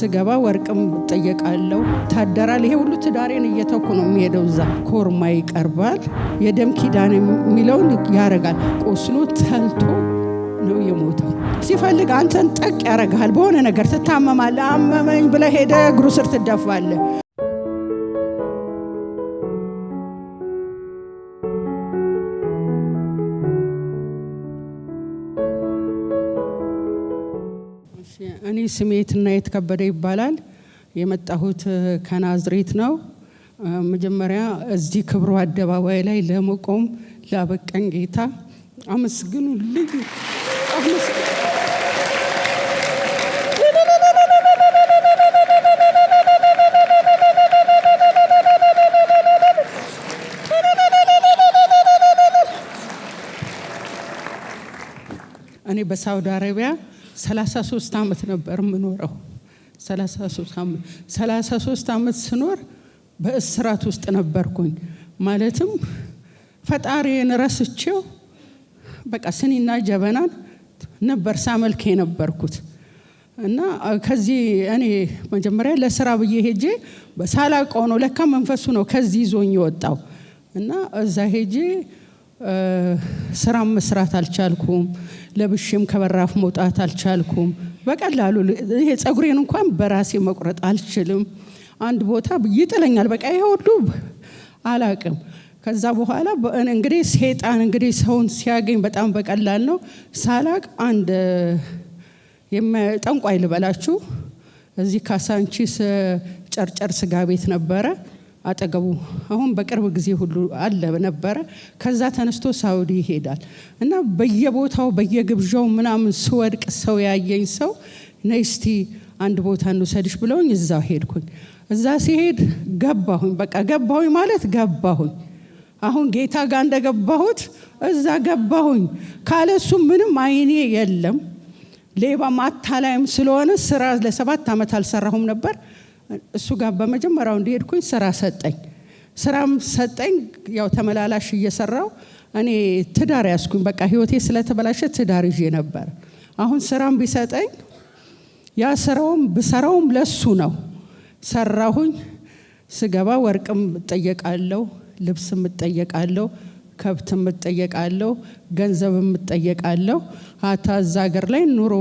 ስገባ ወርቅም ጠየቃለው ታደራል። ይሄ ሁሉ ትዳሬን እየተኩ ነው የሚሄደው። እዛ ኮርማ ይቀርባል። የደም ኪዳን የሚለውን ያረጋል። ቆስሎ ተልቶ ነው የሞተው። ሲፈልግ አንተን ጠቅ ያረግሃል። በሆነ ነገር ትታመማለ። አመመኝ ብለ ሄደ እግሩ ስር ትደፋለ። ስሜትና የተከበደ ይባላል። የመጣሁት ከናዝሬት ነው። መጀመሪያ እዚህ ክብሩ አደባባይ ላይ ለመቆም ላበቀን ጌታ አመስግኑ ልዩ እኔ በሳውዲ አረቢያ 33 ዓመት ነበር የምኖረው። 33 ዓመት ስኖር በእስራት ውስጥ ነበርኩኝ። ማለትም ፈጣሪን ረስቼው በቃ ስኒና ጀበናን ነበር ሳመልክ የነበርኩት እና ከዚህ እኔ መጀመሪያ ለስራ ብዬ ሄጄ ሳላቀው ነው ለካ መንፈሱ ነው ከዚህ ይዞኝ የወጣው እና እዛ ሄጄ ስራም መስራት አልቻልኩም። ለብሽም ከበራፍ መውጣት አልቻልኩም። በቀላሉ ይሄ ፀጉሬን እንኳን በራሴ መቁረጥ አልችልም። አንድ ቦታ ይጥለኛል። በቃ ይሄ ሁሉ አላቅም። ከዛ በኋላ እንግዲህ ሴጣን እንግዲህ ሰውን ሲያገኝ በጣም በቀላል ነው። ሳላቅ አንድ ጠንቋይ ልበላችሁ እዚህ ካሳንቺስ ጨርጨር ስጋ ቤት ነበረ። አጠገቡ አሁን በቅርብ ጊዜ ሁሉ አለ ነበረ። ከዛ ተነስቶ ሳውዲ ይሄዳል እና በየቦታው በየግብዣው ምናምን ስወድቅ ሰው ያየኝ ሰው ነስቲ አንድ ቦታ እንውሰድሽ ብለውኝ እዛ ሄድኩኝ። እዛ ሲሄድ ገባሁኝ። በቃ ገባሁኝ ማለት ገባሁኝ። አሁን ጌታ ጋር እንደገባሁት እዛ ገባሁኝ። ካለሱ ምንም አይኔ የለም። ማታ ላይም ስለሆነ ስራ ለሰባት ዓመት አልሰራሁም ነበር እሱ ጋር በመጀመሪያው እንደሄድኩኝ ስራ ሰጠኝ። ስራም ሰጠኝ። ያው ተመላላሽ እየሰራው እኔ ትዳር ያስኩኝ። በቃ ህይወቴ ስለተበላሸ ትዳር ይዤ ነበር። አሁን ስራም ቢሰጠኝ ያ ስራውም ብሰራውም ለሱ ነው። ሰራሁኝ። ስገባ ወርቅም እጠየቃለሁ፣ ልብስም እጠየቃለሁ፣ ከብትም እጠየቃለሁ፣ ገንዘብም እጠየቃለሁ። አታ ሀገር ላይ ኑሮ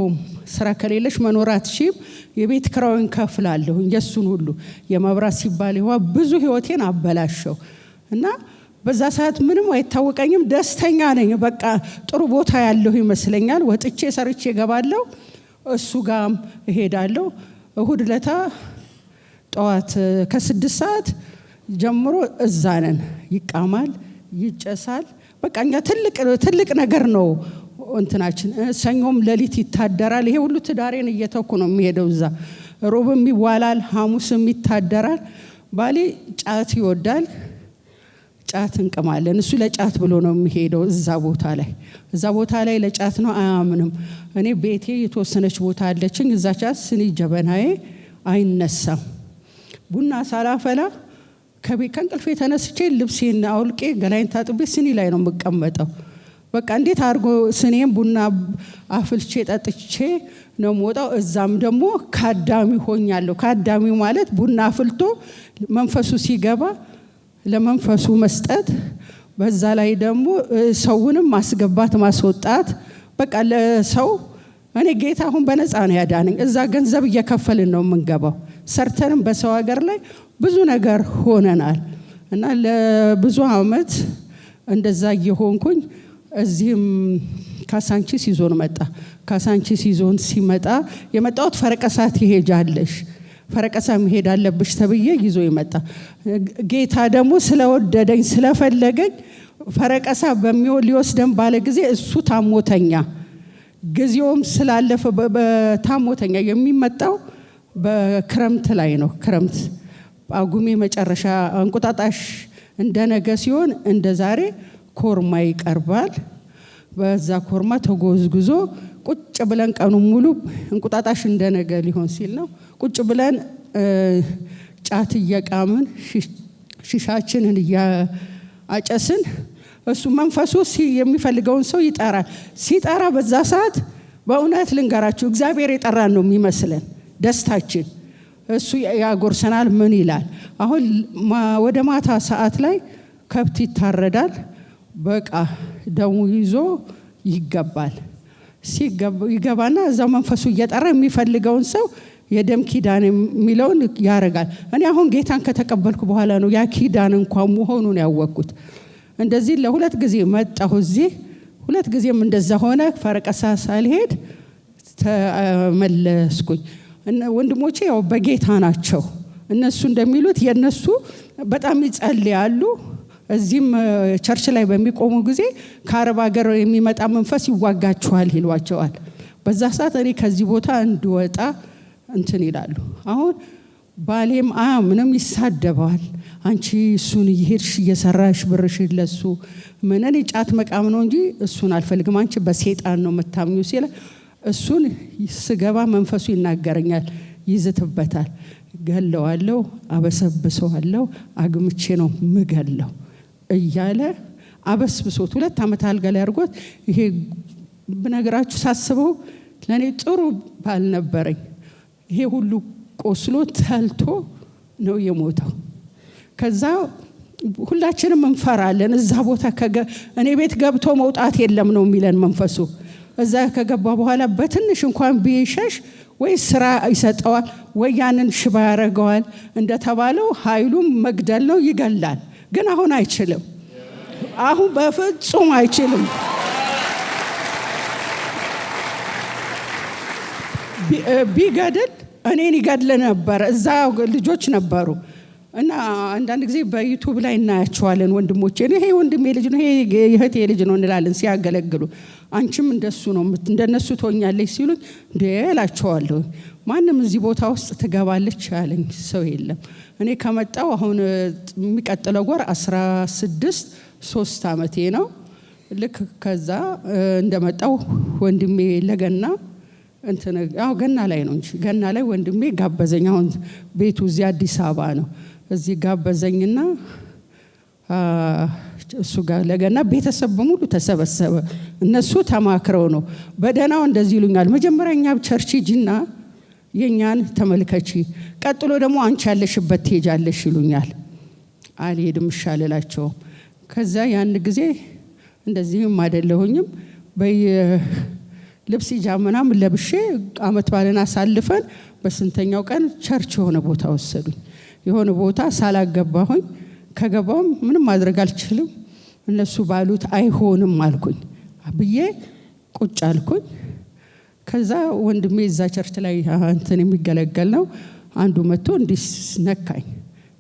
ስራ ከሌለሽ መኖር አትችይም። የቤት ክራውን ከፍላለሁ የሱን ሁሉ የመብራት ሲባል ይዋ ብዙ ህይወቴን አበላሸው እና በዛ ሰዓት ምንም አይታወቀኝም። ደስተኛ ነኝ። በቃ ጥሩ ቦታ ያለሁ ይመስለኛል። ወጥቼ ሰርቼ ገባለሁ እሱ ጋም እሄዳለሁ። እሁድ ለታ ጠዋት ከስድስት ሰዓት ጀምሮ እዛነን ይቃማል፣ ይጨሳል። በቃ እኛ ትልቅ ነገር ነው እንትናችን ሰኞም ሌሊት ይታደራል። ይሄ ሁሉ ትዳሬን እየተኩ ነው የሚሄደው እዛ። ሮብም ይዋላል፣ ሐሙስም ይታደራል። ባሌ ጫት ይወዳል። ጫት እንቅማለን። እሱ ለጫት ብሎ ነው የሚሄደው እዛ ቦታ ላይ እዛ ቦታ ላይ ለጫት ነው አያምንም። እኔ ቤቴ የተወሰነች ቦታ አለችኝ። እዛ ጫት ስኒ ጀበናዬ አይነሳም። ቡና ሳላፈላ ከቤት ከእንቅልፌ ተነስቼ ልብሴን አውልቄ ገላይን ታጥቤ ስኒ ላይ ነው የምቀመጠው። በቃ እንዴት አድርጎ ስኔም ቡና አፍልቼ ጠጥቼ ነው የምወጣው። እዛም ደግሞ ካዳሚ ሆኛለሁ። ካዳሚ ማለት ቡና አፍልቶ መንፈሱ ሲገባ ለመንፈሱ መስጠት፣ በዛ ላይ ደግሞ ሰውንም ማስገባት ማስወጣት። በቃ ለሰው እኔ ጌታ አሁን በነፃ ነው ያዳነኝ። እዛ ገንዘብ እየከፈልን ነው የምንገባው። ሰርተንም በሰው ሀገር ላይ ብዙ ነገር ሆነናል እና ለብዙ አመት እንደዛ እየሆንኩኝ እዚህም ካሳንቺስ ይዞን መጣ። ካሳንቺስ ይዞን ሲመጣ የመጣሁት ፈረቀሳ ትሄጃለሽ፣ ፈረቀሳ መሄድ አለብሽ ተብዬ ይዞ ይመጣ። ጌታ ደግሞ ስለወደደኝ ስለፈለገኝ ፈረቀሳ በሚሆን ሊወስደን ባለ ጊዜ እሱ ታሞተኛ ጊዜውም ስላለፈ ታሞተኛ። የሚመጣው በክረምት ላይ ነው። ክረምት ጳጉሜ መጨረሻ እንቁጣጣሽ እንደነገ ሲሆን እንደ ዛሬ ኮርማ ይቀርባል። በዛ ኮርማ ተጎዝጉዞ ቁጭ ብለን ቀኑ ሙሉ እንቁጣጣሽ እንደነገ ሊሆን ሲል ነው። ቁጭ ብለን ጫት እየቃምን ሽሻችንን እያጨስን እሱ መንፈሱ የሚፈልገውን ሰው ይጠራል። ሲጠራ በዛ ሰዓት በእውነት ልንገራችሁ እግዚአብሔር የጠራን ነው የሚመስለን ደስታችን። እሱ ያጎርሰናል። ምን ይላል አሁን ወደ ማታ ሰዓት ላይ ከብት ይታረዳል። በቃ ደሙ ይዞ ይገባል። ይገባና እዛው መንፈሱ እየጠራ የሚፈልገውን ሰው የደም ኪዳን የሚለውን ያደርጋል። እኔ አሁን ጌታን ከተቀበልኩ በኋላ ነው ያ ኪዳን እንኳን መሆኑን ያወቅኩት። እንደዚህ ለሁለት ጊዜ መጣሁ እዚህ። ሁለት ጊዜም እንደዛ ሆነ። ፈረቀሳ ሳልሄድ ተመለስኩኝ። ወንድሞቼ ያው በጌታ ናቸው። እነሱ እንደሚሉት የእነሱ በጣም ይጸልያሉ። እዚህም ቸርች ላይ በሚቆሙ ጊዜ ከአረብ ሀገር የሚመጣ መንፈስ ይዋጋችኋል ይሏቸዋል። በዛ ሰዓት እኔ ከዚህ ቦታ እንድወጣ እንትን ይላሉ። አሁን ባሌም ምንም ይሳደበዋል። አንቺ እሱን እየሄድሽ እየሰራሽ ብርሽ ለሱ ምንን እኔ ጫት መቃም ነው እንጂ እሱን አልፈልግም፣ አንቺ በሴጣን ነው የምታምኙ ሲለ እሱን ስገባ መንፈሱ ይናገረኛል፣ ይዝትበታል፣ ገለዋለው አበሰብሰዋለው አግምቼ ነው ምገለው። እያለ አበስብሶት ሁለት ዓመት አልጋ ላይ አድርጎት ይሄ ብነገራችሁ ሳስበው ለእኔ ጥሩ ባል ነበረኝ። ይሄ ሁሉ ቆስሎ ተልቶ ነው የሞተው። ከዛ ሁላችንም እንፈራለን። እዛ ቦታ እኔ ቤት ገብቶ መውጣት የለም ነው የሚለን መንፈሱ። እዛ ከገባ በኋላ በትንሽ እንኳን ቢሸሽ ወይ ስራ ይሰጠዋል ወይ ያንን ሽባ ያደረገዋል። እንደተባለው ኃይሉም መግደል ነው፣ ይገላል። ግን አሁን አይችልም። አሁን በፍጹም አይችልም። ቢገድል እኔን ይገድል ነበር። እዛ ልጆች ነበሩ እና አንዳንድ ጊዜ በዩቱብ ላይ እናያቸዋለን። ወንድሞች ይሄ ወንድሜ ልጅ ነው፣ ይሄ የእህቴ ልጅ ነው እንላለን ሲያገለግሉ። አንቺም እንደሱ ነው እንደነሱ ትሆኛለች ሲሉኝ እንዴ እላቸዋለሁ። ማንም እዚህ ቦታ ውስጥ ትገባለች ያለኝ ሰው የለም። እኔ ከመጣው አሁን የሚቀጥለው ወር 16 ሶስት ዓመቴ ነው። ልክ ከዛ እንደመጣው ወንድሜ ለገና እንትን አዎ ገና ላይ ነው እንጂ ገና ላይ ወንድሜ ጋበዘኝ። አሁን ቤቱ እዚህ አዲስ አበባ ነው። እዚህ ጋበዘኝና እሱ ጋር ለገና ቤተሰብ በሙሉ ተሰበሰበ። እነሱ ተማክረው ነው በደህናው እንደዚህ ይሉኛል። መጀመሪያ እኛ ቸርች ሂጂና የእኛን ተመልከቺ፣ ቀጥሎ ደግሞ አንቺ ያለሽበት ትሄጃለሽ ይሉኛል። አልሄድም እሻልላቸውም። ከዛ ያን ጊዜ እንደዚህም አይደለሁኝም በየልብስ ጃመናም ለብሼ አመት ባለን አሳልፈን በስንተኛው ቀን ቸርች የሆነ ቦታ ወሰዱኝ። የሆነ ቦታ ሳላገባሁኝ ከገባውም ምንም ማድረግ አልችልም እነሱ ባሉት አይሆንም አልኩኝ ብዬ ቁጭ አልኩኝ። ከዛ ወንድሜ እዛ ቸርች ላይ እንትን የሚገለገል ነው። አንዱ መጥቶ እንዲነካኝ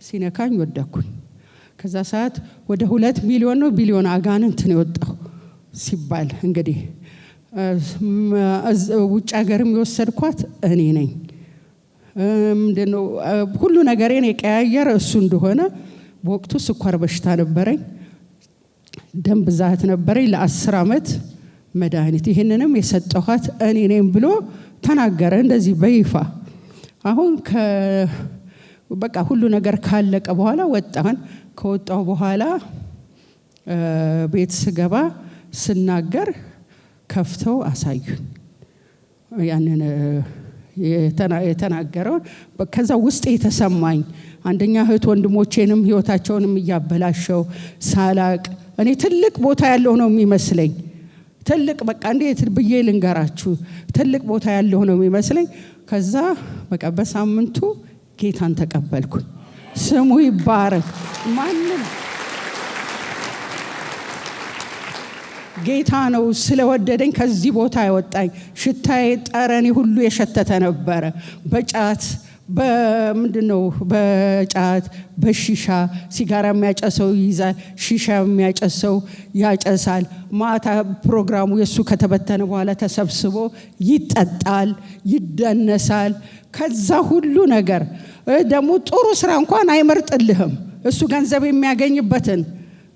ሲነካኝ ወደኩኝ። ከዛ ሰዓት ወደ ሁለት ሚሊዮን ነው ቢሊዮን አጋን እንትን የወጣው ሲባል እንግዲህ ውጭ ሀገርም የወሰድኳት እኔ ነኝ። ምንድነው ሁሉ ነገሬን የቀያየር እሱ እንደሆነ በወቅቱ ስኳር በሽታ ነበረኝ፣ ደም ብዛት ነበረኝ ለአስር ዓመት መድኃኒት ይህንንም የሰጠኋት እኔ ነኝ ብሎ ተናገረ። እንደዚህ በይፋ አሁን በቃ ሁሉ ነገር ካለቀ በኋላ ወጣን። ከወጣው በኋላ ቤት ስገባ ስናገር ከፍተው አሳዩኝ ያንን የተናገረውን ከዛ ውስጥ የተሰማኝ አንደኛ እህት ወንድሞቼንም ህይወታቸውንም እያበላሸው ሳላቅ እኔ ትልቅ ቦታ ያለው ነው የሚመስለኝ ትልቅ በቃ እንዴት ብዬ ልንገራችሁ ትልቅ ቦታ ያለው ነው የሚመስለኝ። ከዛ በቃ በሳምንቱ ጌታን ተቀበልኩ ስሙ ይባረክ። ማንም ጌታ ነው ስለወደደኝ ከዚህ ቦታ ያወጣኝ። ሽታዬ ጠረኔ ሁሉ የሸተተ ነበረ በጫት በምንድነው በጫት በሺሻ ሲጋራ የሚያጨሰው ይይዛል፣ ሺሻ የሚያጨሰው ያጨሳል። ማታ ፕሮግራሙ የእሱ ከተበተነ በኋላ ተሰብስቦ ይጠጣል፣ ይደነሳል። ከዛ ሁሉ ነገር ደግሞ ጥሩ ስራ እንኳን አይመርጥልህም። እሱ ገንዘብ የሚያገኝበትን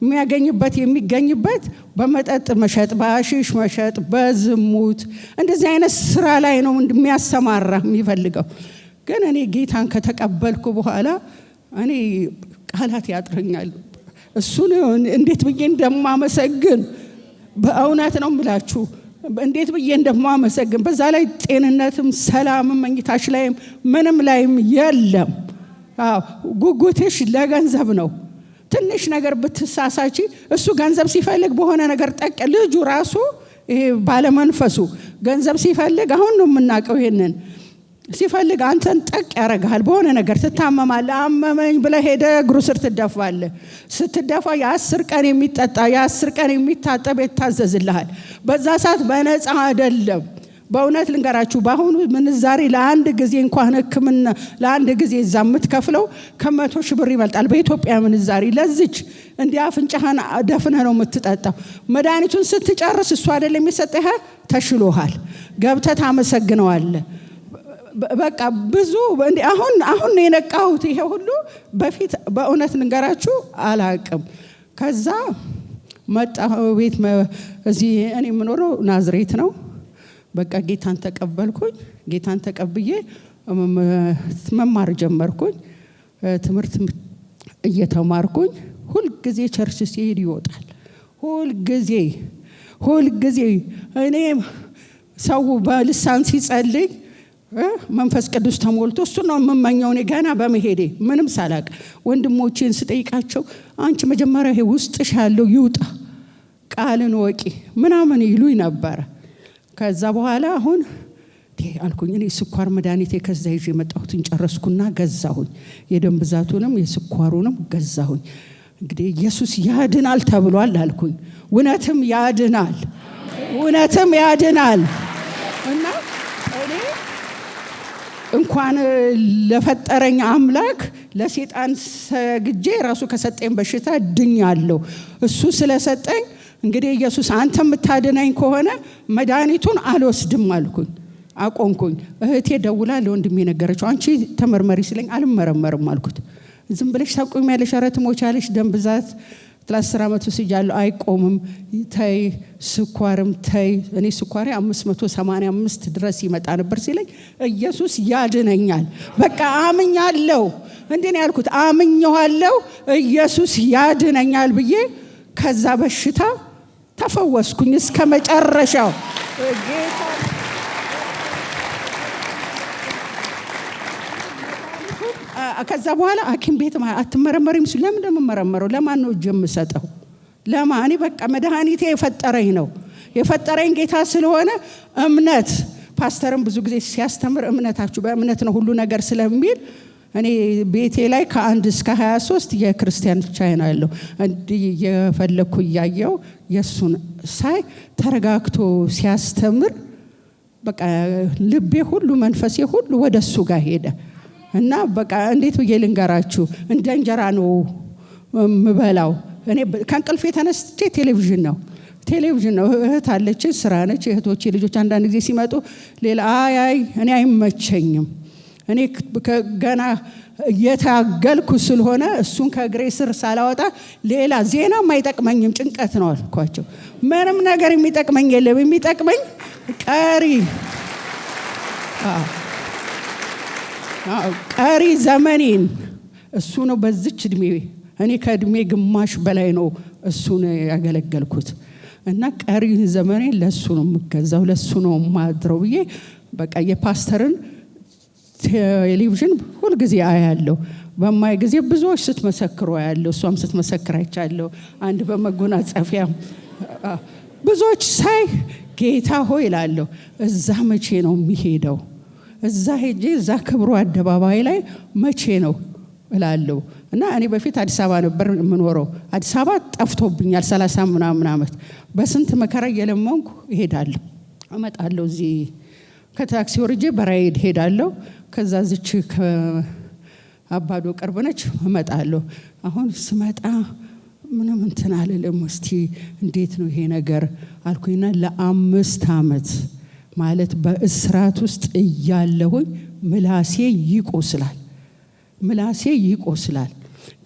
የሚያገኝበት የሚገኝበት በመጠጥ መሸጥ፣ በአሺሽ መሸጥ፣ በዝሙት እንደዚህ አይነት ስራ ላይ ነው የሚያሰማራ የሚፈልገው ግን እኔ ጌታን ከተቀበልኩ በኋላ እኔ ቃላት ያጥረኛል። እሱን እንዴት ብዬ እንደማመሰግን በእውነት ነው የምላችሁ፣ እንዴት ብዬ እንደማመሰግን። በዛ ላይ ጤንነትም፣ ሰላምም፣ መኝታሽ ላይም ምንም ላይም የለም። ጉጉትሽ ለገንዘብ ነው። ትንሽ ነገር ብትሳሳች እሱ ገንዘብ ሲፈልግ በሆነ ነገር ጠቅ ልጁ ራሱ ባለመንፈሱ ገንዘብ ሲፈልግ አሁን ነው የምናውቀው ይሄንን ሲፈልግ አንተን ጠቅ ያረግሃል በሆነ ነገር ትታመማለህ። አመመኝ ብለ ሄደ እግሩ ስር ትደፋለ ስትደፋ የአስር ቀን የሚጠጣ የአስር ቀን የሚታጠብ ይታዘዝልሃል። በዛ ሰዓት በነፃ አይደለም። በእውነት ልንገራችሁ በአሁኑ ምንዛሬ ለአንድ ጊዜ እንኳን ህክምና ለአንድ ጊዜ እዛ የምትከፍለው ከመቶ ሺህ ብር ይበልጣል በኢትዮጵያ ምንዛሬ። ለዚች እንዲ አፍንጫህን ደፍነ ነው የምትጠጣው። መድኃኒቱን ስትጨርስ እሱ አይደለም የሚሰጠህ፣ ተሽሎሃል፣ ገብተት አመሰግነዋለ በቃ ብዙ አሁን አሁን የነቃሁት። ይሄ ሁሉ በፊት በእውነት ንገራችሁ አላቅም። ከዛ መጣ ቤት እዚህ እኔ የምኖረው ናዝሬት ነው። በቃ ጌታን ተቀበልኩኝ። ጌታን ተቀብዬ መማር ጀመርኩኝ። ትምህርት እየተማርኩኝ ሁልጊዜ ቸርች ሲሄድ ይወጣል። ሁልጊዜ ሁልጊዜ እኔ ሰው በልሳን ሲጸልይ መንፈስ ቅዱስ ተሞልቶ እሱ ነው የምመኘው። እኔ ገና በመሄዴ ምንም ሳላቅ ወንድሞቼን ስጠይቃቸው አንቺ መጀመሪያ ይሄ ውስጥሽ ያለው ይውጣ፣ ቃልን ወቂ ምናምን ይሉኝ ነበረ። ከዛ በኋላ አሁን አልኩኝ እኔ ስኳር መድኃኒቴ ከዛ ይዤ የመጣሁትን ጨረስኩና ገዛሁኝ። የደም ብዛቱንም የስኳሩንም ገዛሁኝ። እንግዲህ ኢየሱስ ያድናል ተብሏል አልኩኝ። እውነትም ያድናል፣ እውነትም ያድናል። እንኳን ለፈጠረኝ አምላክ ለሴጣን ሰግጄ ራሱ ከሰጠኝ በሽታ ድኛለሁ። እሱ ስለሰጠኝ እንግዲህ ኢየሱስ አንተ የምታድነኝ ከሆነ መድኃኒቱን አልወስድም አልኩኝ፣ አቆንኩኝ እህቴ ደውላ ለወንድም የነገረችው አንቺ ተመርመሪ ስለኝ አልመረመርም አልኩት። ዝም ብለሽ ታቆሚያለሽ፣ ኧረ ትሞቻለሽ፣ ደም ብዛት ለአስር ዓመት ውስጥ እያለሁ አይቆምም። ተይ ስኳርም ተይ። እኔ ስኳሬ 585 ድረስ ይመጣ ነበር ሲለኝ ኢየሱስ ያድነኛል። በቃ አምኛለሁ። እንዴ ነው ያልኩት፣ አምኜዋለሁ። ኢየሱስ ያድነኛል ብዬ ከዛ በሽታ ተፈወስኩኝ እስከ መጨረሻው ጌታ ከዛ በኋላ ሐኪም ቤት አትመረመሪም ሲሉ ለምን እንደምመረመረው ለማን ነው እጅ የምሰጠው? ለማን በቃ መድኃኒቴ የፈጠረኝ ነው የፈጠረኝ ጌታ ስለሆነ እምነት ፓስተርም ብዙ ጊዜ ሲያስተምር እምነታችሁ በእምነት ነው ሁሉ ነገር ስለሚል እኔ ቤቴ ላይ ከአንድ እስከ 23 የክርስቲያን ነው ያለው እንዲ የፈለግኩ እያየው የእሱን ሳይ ተረጋግቶ ሲያስተምር በቃ ልቤ ሁሉ መንፈሴ ሁሉ ወደ እሱ ጋር ሄደ። እና በቃ እንዴት ብዬ ልንገራችሁ፣ እንደ እንጀራ ነው ምበላው። እኔ ከእንቅልፍ የተነስቼ ቴሌቪዥን ነው ቴሌቪዥን ነው። እህት አለች ስራ ነች። እህቶች ልጆች አንዳንድ ጊዜ ሲመጡ ሌላ አይ እኔ አይመቸኝም። እኔ ገና እየታገልኩ ስለሆነ እሱን ከእግሬ ስር ሳላወጣ ሌላ ዜናም አይጠቅመኝም፣ ጭንቀት ነው አልኳቸው። ምንም ነገር የሚጠቅመኝ የለም። የሚጠቅመኝ ቀሪ ቀሪ ዘመኔን እሱ ነው። በዝች እድሜ እኔ ከእድሜ ግማሽ በላይ ነው እሱ ያገለገልኩት እና ቀሪ ዘመኔን ለእሱ ነው የምገዛው፣ ለእሱ ነው የማድረው ብዬ በቃ የፓስተርን ቴሌቪዥን ሁልጊዜ አያለሁ። በማይ ጊዜ ብዙዎች ስትመሰክሩ አያለሁ፣ እሷም ስትመሰክር አይቻለሁ። አንድ በመጎናጸፊያ ብዙዎች ሳይ ጌታ ሆይ እላለሁ፣ እዛ መቼ ነው የሚሄደው? እዛ ሄጄ እዛ ክብሩ አደባባይ ላይ መቼ ነው እላለሁ እና እኔ በፊት አዲስ አበባ ነበር የምኖረው። አዲስ አበባ ጠፍቶብኛል ሰላሳ ምናምን ዓመት በስንት መከራ እየለመንኩ እሄዳለሁ እመጣለሁ። እዚህ ከታክሲ ወርጄ በራይድ ሄዳለሁ። ከዛ ዝች ከአባዶ ቅርብ ነች እመጣለሁ። አሁን ስመጣ ምንም እንትን አልልም። እስቲ እንዴት ነው ይሄ ነገር አልኩኝና ለአምስት ዓመት ማለት በእስራት ውስጥ እያለሁኝ ምላሴ ይቆስላል፣ ምላሴ ይቆስላል።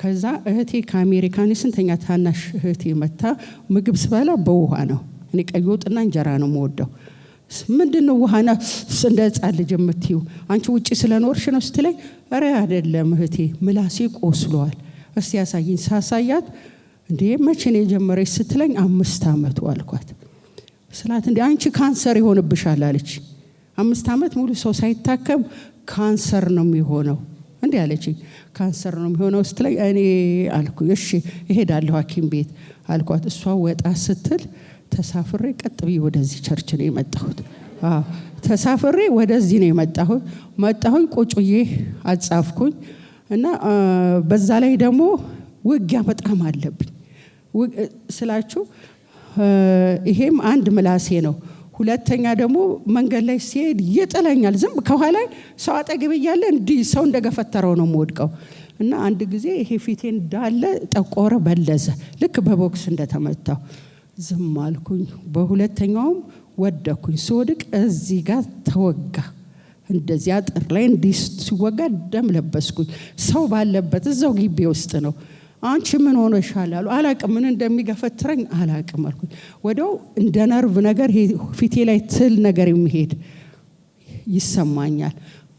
ከዛ እህቴ ከአሜሪካን ስንተኛ ታናሽ እህቴ መታ ምግብ ስበላ በውሃ ነው። እኔ ቀይ ወጥና እንጀራ ነው የምወደው። ምንድን ነው ውሃና እንደ ሕፃን ልጅ የምትይው አንቺ ውጭ ስለኖርሽ ነው ስትለኝ፣ ኧረ አይደለም እህቴ ምላሴ ቆስሏል፣ እስቲ ያሳይኝ። ሳሳያት እንዴ መቼ የጀመረች ስትለኝ፣ አምስት አመቱ አልኳት። ስላት እንዲ አንቺ ካንሰር ይሆንብሻል አለች። አምስት ዓመት ሙሉ ሰው ሳይታከም ካንሰር ነው የሚሆነው እንዲህ አለች። ካንሰር ነው የሚሆነው ስትለኝ እኔ አልኩ እሺ ይሄዳለሁ ሀኪም ቤት አልኳት። እሷ ወጣ ስትል ተሳፍሬ ቀጥ ብዬ ወደዚህ ቸርች ነው የመጣሁት። ተሳፍሬ ወደዚህ ነው የመጣሁት። መጣሁኝ፣ ቁጭዬ አጻፍኩኝ እና በዛ ላይ ደግሞ ውጊያ በጣም አለብኝ ስላችሁ ይሄም አንድ ምላሴ ነው። ሁለተኛ ደግሞ መንገድ ላይ ሲሄድ ይጥለኛል። ዝም ከኋላ ሰው አጠገብ እያለ እንዲ ሰው እንደገፈተረው ነው የምወድቀው እና አንድ ጊዜ ይሄ ፊቴ እንዳለ ጠቆረ፣ በለዘ ልክ በቦክስ እንደተመታው ዝም አልኩኝ። በሁለተኛውም ወደኩኝ። ስወድቅ እዚህ ጋር ተወጋ። እንደዚያ አጥር ላይ እንዲህ ሲወጋ ደም ለበስኩኝ። ሰው ባለበት እዛው ግቢ ውስጥ ነው። አንቺ ምን ሆነሻል አሉ። አላቅም ምን እንደሚገፈትረኝ አላቅም አልኩኝ። ወደው እንደ ነርቭ ነገር ፊቴ ላይ ትል ነገር የሚሄድ ይሰማኛል።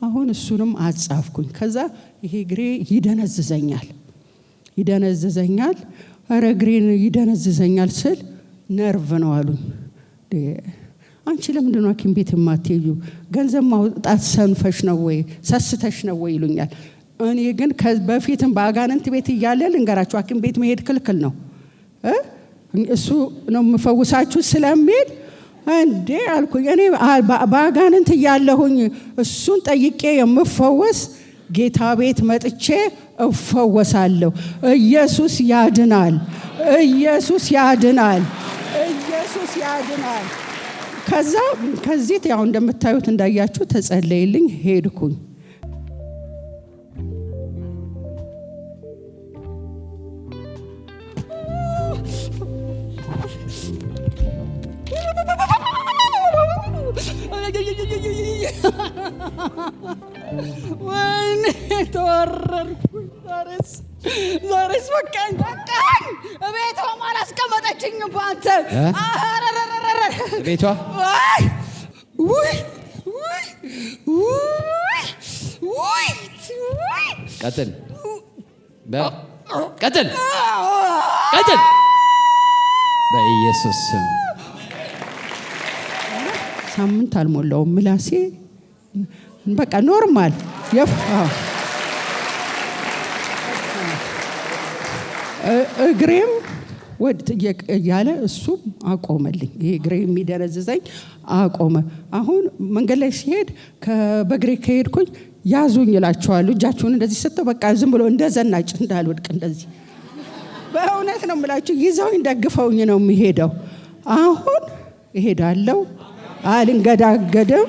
አሁን እሱንም አጻፍኩኝ። ከዛ ይሄ እግሬ ይደነዝዘኛል ይደነዝዘኛል ረ እግሬን ይደነዝዘኛል ስል ነርቭ ነው አሉኝ። አንቺ ለምንድን ነው ሐኪም ቤት የማትሄጂው? ገንዘብ ማውጣት ሰንፈሽ ነው ወይ ሰስተሽ ነው ወይ ይሉኛል። እኔ ግን በፊትም በአጋንንት ቤት እያለ ልንገራችሁ፣ ሀኪም ቤት መሄድ ክልክል ነው። እሱ ነው የምፈውሳችሁ ስለሚል እንዴ አልኩ እኔ በአጋንንት እያለሁኝ እሱን ጠይቄ የምፈወስ ጌታ ቤት መጥቼ እፈወሳለሁ። ኢየሱስ ያድናል። ኢየሱስ ያድናል። ኢየሱስ ያድናል። ከዛ ከዚህ ያው እንደምታዩት እንዳያችሁ ተጸለይልኝ ሄድኩኝ። ወይኔ ተወረድኩኝ። ዛሬስ ዛሬስ በቃኝ በቃኝ። ቤቷ አላስቀመጠችኝም። በአንተ ቤቷ ቀጥል ቀጥል ቀጥል በኢየሱስ ስም ሳምንት አልሞላውም ምላሴ በቃ ኖርማል እግሬም ወድ እያለ እሱም አቆመልኝ። ይሄ እግሬ የሚደረዝዘኝ አቆመ። አሁን መንገድ ላይ ሲሄድ በእግሬ ከሄድኩኝ ያዙኝ ይላቸዋሉ። እጃችሁን እንደዚህ ሰጥተው በቃ ዝም ብሎ እንደዘናጭ እንዳልወድቅ እንደዚህ በእውነት ነው የምላችሁ፣ ይዘውኝ ደግፈውኝ ነው የሚሄደው። አሁን ይሄዳለው አልንገዳገድም።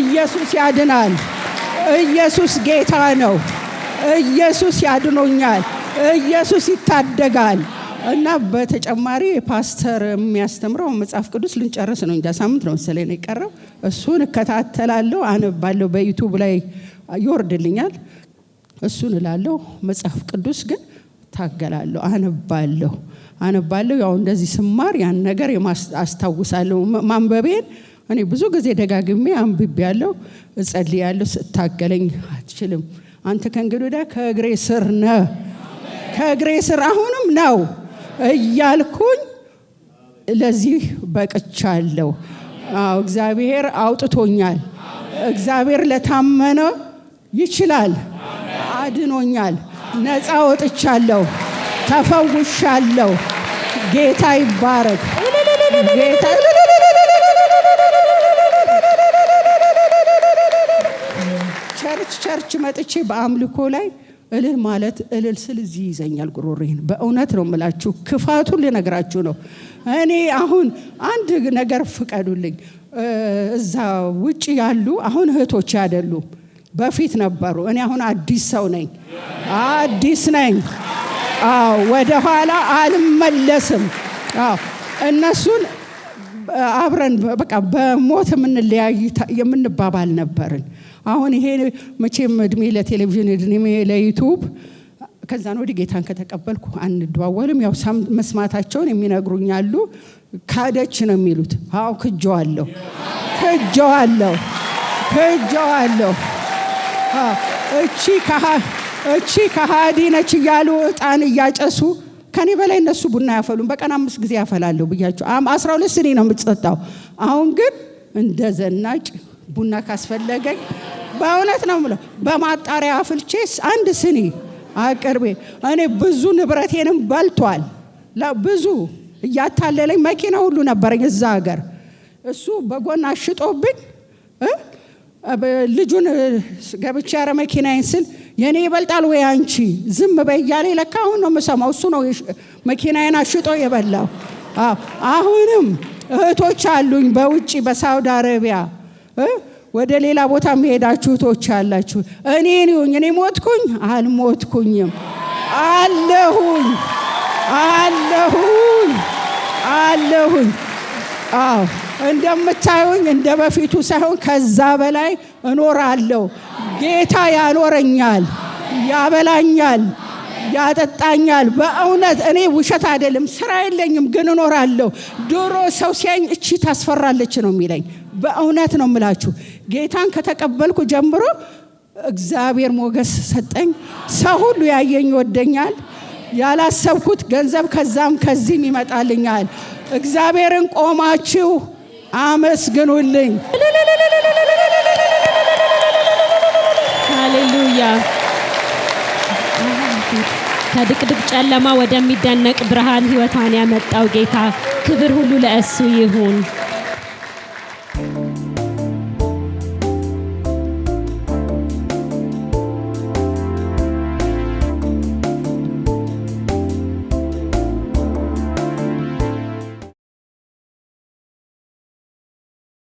ኢየሱስ ያድናል። ኢየሱስ ጌታ ነው። ኢየሱስ ያድኖኛል። ኢየሱስ ይታደጋል። እና በተጨማሪ ፓስተር የሚያስተምረው መጽሐፍ ቅዱስ ልንጨርስ ነው እንጃ ሳምንት ነው መሰለኝ ነው የቀረው። እሱን እከታተላለሁ፣ አነባለሁ። በዩቱብ ላይ ይወርድልኛል። እሱን እላለሁ። መጽሐፍ ቅዱስ ግን እታገላለሁ፣ አነባለሁ አነባለሁ። ያው እንደዚህ ስማር ያን ነገር አስታውሳለሁ። ማንበቤን እኔ ብዙ ጊዜ ደጋግሜ አንብቤያለሁ፣ እጸልያለሁ። ስታገለኝ አትችልም፣ አንተ ከእንግዲህ ወዲያ ከእግሬ ስር ነ ከእግሬ ስር አሁንም ነው እያልኩኝ ለዚህ በቅቻለሁ። አዎ እግዚአብሔር አውጥቶኛል። እግዚአብሔር ለታመነ ይችላል፣ አድኖኛል። ነፃ ወጥቻለሁ፣ ተፈውሻለሁ። ጌታ ይባረክ። ጌታ ቸርች ቸርች መጥቼ በአምልኮ ላይ እልል ማለት እልል ስል እዚህ ይዘኛል ጉሮሮዬን። በእውነት ነው የምላችሁ፣ ክፋቱን ልነግራችሁ ነው። እኔ አሁን አንድ ነገር ፍቀዱልኝ። እዛ ውጭ ያሉ አሁን እህቶች አይደሉም በፊት ነበሩ። እኔ አሁን አዲስ ሰው ነኝ፣ አዲስ ነኝ። አዎ ወደ ኋላ አልመለስም። አዎ እነሱን አብረን በቃ በሞት የምንለያይ የምንባባል ነበርን። አሁን ይሄ መቼም እድሜ ለቴሌቪዥን እድሜ ለዩቱብ ከዛን ወዲህ ጌታን ከተቀበልኩ አንደዋወልም። ያው መስማታቸውን የሚነግሩኛሉ። ካደች ነው የሚሉት። አዎ ክጀዋለሁ፣ ክጀዋለሁ፣ ክጀዋለሁ። እቺ ከሃዲ ነች እያሉ እጣን እያጨሱ ከኔ በላይ እነሱ ቡና ያፈሉም። በቀን አምስት ጊዜ ያፈላለሁ ብያቸው አስራ ሁለት ስኒ ነው የምትጠጣው። አሁን ግን እንደ ዘናጭ ቡና ካስፈለገኝ በእውነት ነው ምለው በማጣሪያ አፍልቼስ አንድ ስኒ አቅርቤ እኔ ብዙ ንብረቴንም በልቷል። ብዙ እያታለለኝ መኪና ሁሉ ነበረኝ እዛ ሀገር እሱ በጎን አሽጦብኝ ልጁን ገብቼ ያረ መኪናዬን ስል የእኔ ይበልጣል ወይ አንቺ ዝም በይ እያለ ለካ አሁን ነው የምሰማው። እሱ ነው መኪናዬን አሽጦ የበላው። አሁንም እህቶች አሉኝ በውጭ በሳውዲ አረቢያ ወደ ሌላ ቦታ የሚሄዳችሁ እህቶች አላችሁ። እኔ ነኝ እኔ ሞትኩኝ አልሞትኩኝም፣ አለሁኝ አለሁኝ አለሁኝ። አዎ እንደምታዩኝ እንደ በፊቱ ሳይሆን ከዛ በላይ እኖራለሁ። ጌታ ያኖረኛል፣ ያበላኛል፣ ያጠጣኛል። በእውነት እኔ ውሸት አይደለም፣ ስራ የለኝም ግን እኖራለሁ። ድሮ ሰው ሲያኝ እቺ ታስፈራለች ነው የሚለኝ። በእውነት ነው የምላችሁ። ጌታን ከተቀበልኩ ጀምሮ እግዚአብሔር ሞገስ ሰጠኝ። ሰው ሁሉ ያየኝ ይወደኛል። ያላሰብኩት ገንዘብ ከዛም ከዚህም ይመጣልኛል። እግዚአብሔርን ቆማችሁ አመስግኑልኝ። ሃሌሉያ። ከድቅድቅ ጨለማ ወደሚደነቅ ብርሃን ሕይወቷን ያመጣው ጌታ ክብር ሁሉ ለእሱ ይሁን።